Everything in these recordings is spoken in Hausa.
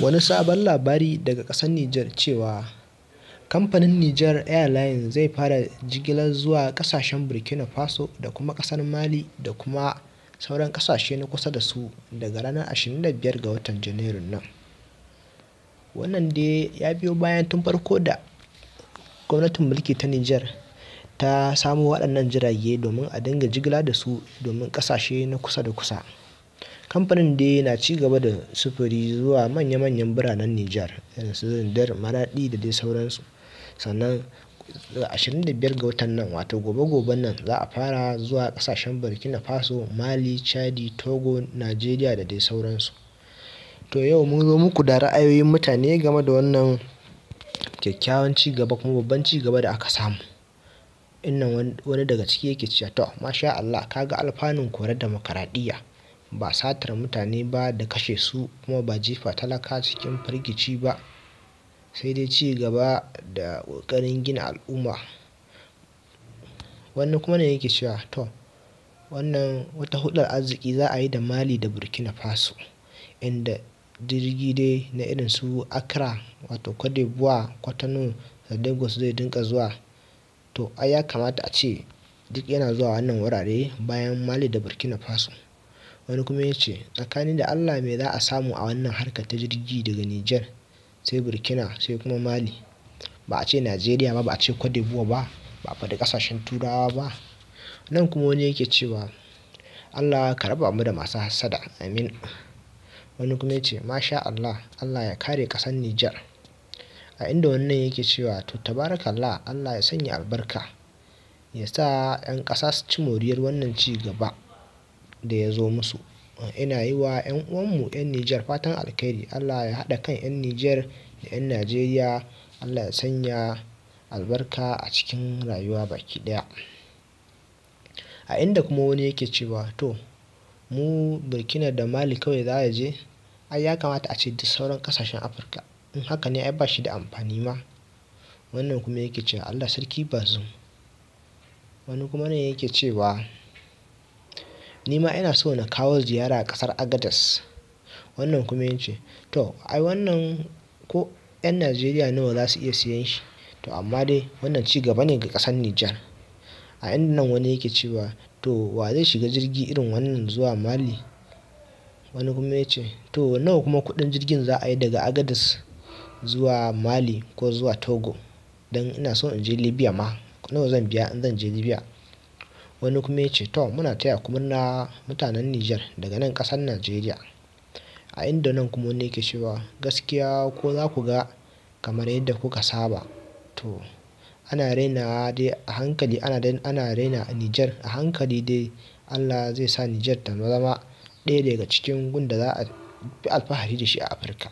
Wani sabon labari daga ƙasar Nijar cewa kamfanin Niger Airlines zai fara jigilar zuwa ƙasashen Burkina Faso da kuma ƙasar Mali da kuma sauran ƙasashe na kusa da su daga ranar 25 ga watan Janairun nan. Wannan da ya biyo bayan tun farko da gwamnatin mulki ta Niger ta samo waɗannan jirage domin a dinga jigila da su domin ƙasashe na kusa da kusa. Kamfanin dai na ci gaba da sufuri zuwa manya-manyan biranen Nijar irin su zindar Maraɗi da dai sauransu. Sannan 25 ga watan nan wato gobe goben nan za a fara zuwa ƙasashen Burkina Faso, Mali, Chadi, Togo, nigeria da dai sauransu. To yau mun zo muku da ra'ayoyin mutane game da wannan kyakkyawan ci kuma babban ci gaba da aka samu. Innan wani daga ciki yake cewa to masha Allah ka ga alfanun da dimokuradiyya. ba satar mutane ba da kashe su kuma ba jefa talaka cikin firgici ba sai dai ci gaba da ƙoƙarin gina al'umma. Wani kuma ne yake cewa to wannan wata hudar arziki za a yi da Mali da Burkina Faso inda jirgi dai na irin su Accra wato Cote d'Ivoire, kwatano da Lagos zai dinka zuwa. To ai ya kamata a ce duk yana zuwa wannan wurare bayan Mali da Burkina Faso. Wani kuma ya ce tsakanin da Allah mai za a samu a wannan harkar ta jirgi daga Nijar sai Burkina sai kuma Mali. Ba a ce Najeriya ba, ba a ce Cote buwa ba, ba a faɗi ƙasashen Turawa ba. Nan kuma wani yake cewa Allah ka raba mu da masu hassada. Amin. Wani kuma ya ce Masha Allah, Allah ya kare ƙasar Nijar. A inda wannan yake cewa to tabarakallah Allah ya sanya albarka, ya sa 'yan ƙasa su ci moriyar wannan ci gaba. da ya zo musu. Ina yi wa 'yan uwanmu 'yan Nijar fatan alkhairi Allah ya haɗa kan 'yan Nijar da 'yan Najeriya. Allah ya sanya albarka a cikin rayuwa baki ɗaya. A inda kuma wani yake cewa to mu Burkina da Mali kawai za a je? Ai ya kamata a ce duk sauran kasashen Afirka. In haka ne ai ba shi da amfani ma. Wannan kuma yake cewa Allah sarki Bazum. Wani kuma ne yake cewa. Ni ma ina so na kawo ziyara kasar Agadas. Wannan kuma ya ce to ai wannan ko 'yan Najeriya nawa za su iya siyan shi. To amma dai wannan ci gaba ne ga ƙasar Nijar. A inda nan wani yake cewa to wa zai shiga jirgi irin wannan zuwa Mali? Wani kuma ya ce to nawa kuma kudin jirgin za a yi daga Agadas zuwa Mali ko zuwa Togo? don ina so in je Libya ma. Nawa zan biya in zan je Libya? Wani kuma ya ce to muna taya ku murna mutanen Nijar daga nan kasar Najeriya. A inda nan kuma wani yake cewa gaskiya ko za ku ga kamar yadda kuka saba. To ana raina dai a hankali ana raina Nijar a hankali dai Allah zai sa Nijar ta zama ɗaya daga cikin gunda za a fi alfahari da shi a Afirka.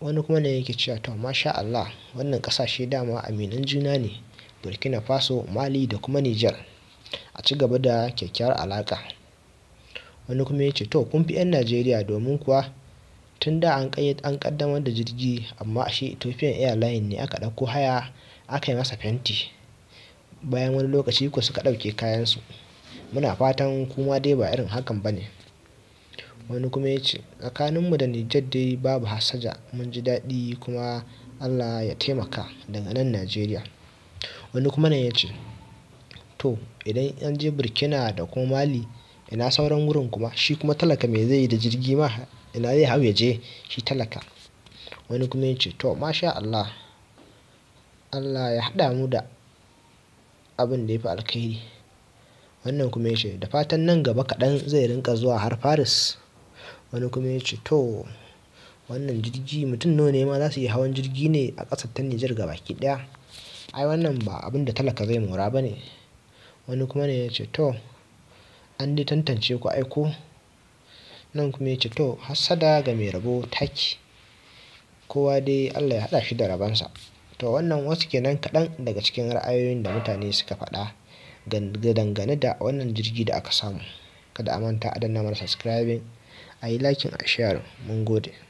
Wani kuma ne yake cewa to masha Allah wannan ƙasashe dama aminan juna ne. burkina faso mali da kuma niger a ci gaba da kyakkyawar alaka wani kuma ya ce to kun fi 'yan najeriya domin kuwa tun da an an ƙaddamar da jirgi amma a shi ethiopian airline ne aka ɗauko haya aka yi masa fenti bayan wani lokaci ku suka ɗauke kayansu muna fatan kuma dai ba irin hakan ba ne wani kuma ya ce tsakaninmu da nijar dai babu hasaja mun ji daɗi kuma allah ya taimaka daga nan najeriya wani kuma nan ya ce to idan an je Burkina da kuma Mali ina sauran wurin kuma shi kuma talaka mai zai yi da jirgi ma ina zai hau ya je shi talaka. Wani kuma ya ce to masha Allah Allah ya haɗa mu da abin da ya fi alkhairi. Wannan kuma ya ce da fatan nan gaba kaɗan zai rinka zuwa har faris Wani kuma ya ce to wannan jirgi mutum nawa ne ma za su yi hawan jirgi ne a ƙasar ta Nijar gabaki ɗaya. ai wannan ba abin da talaka zai mora ba ne. Wani kuma ne ya ce to an dai tantance ku aiko. Nan kuma ya ce to hassada ga mai rabo taki. Kowa dai Allah ya haɗa shi da rabonsa. To wannan wasu ke nan kaɗan daga cikin ra'ayoyin da mutane suka faɗa dangane da wannan jirgi da aka samu. Kada a manta adana mara subscribing, a yi lakin a share. Mun gode.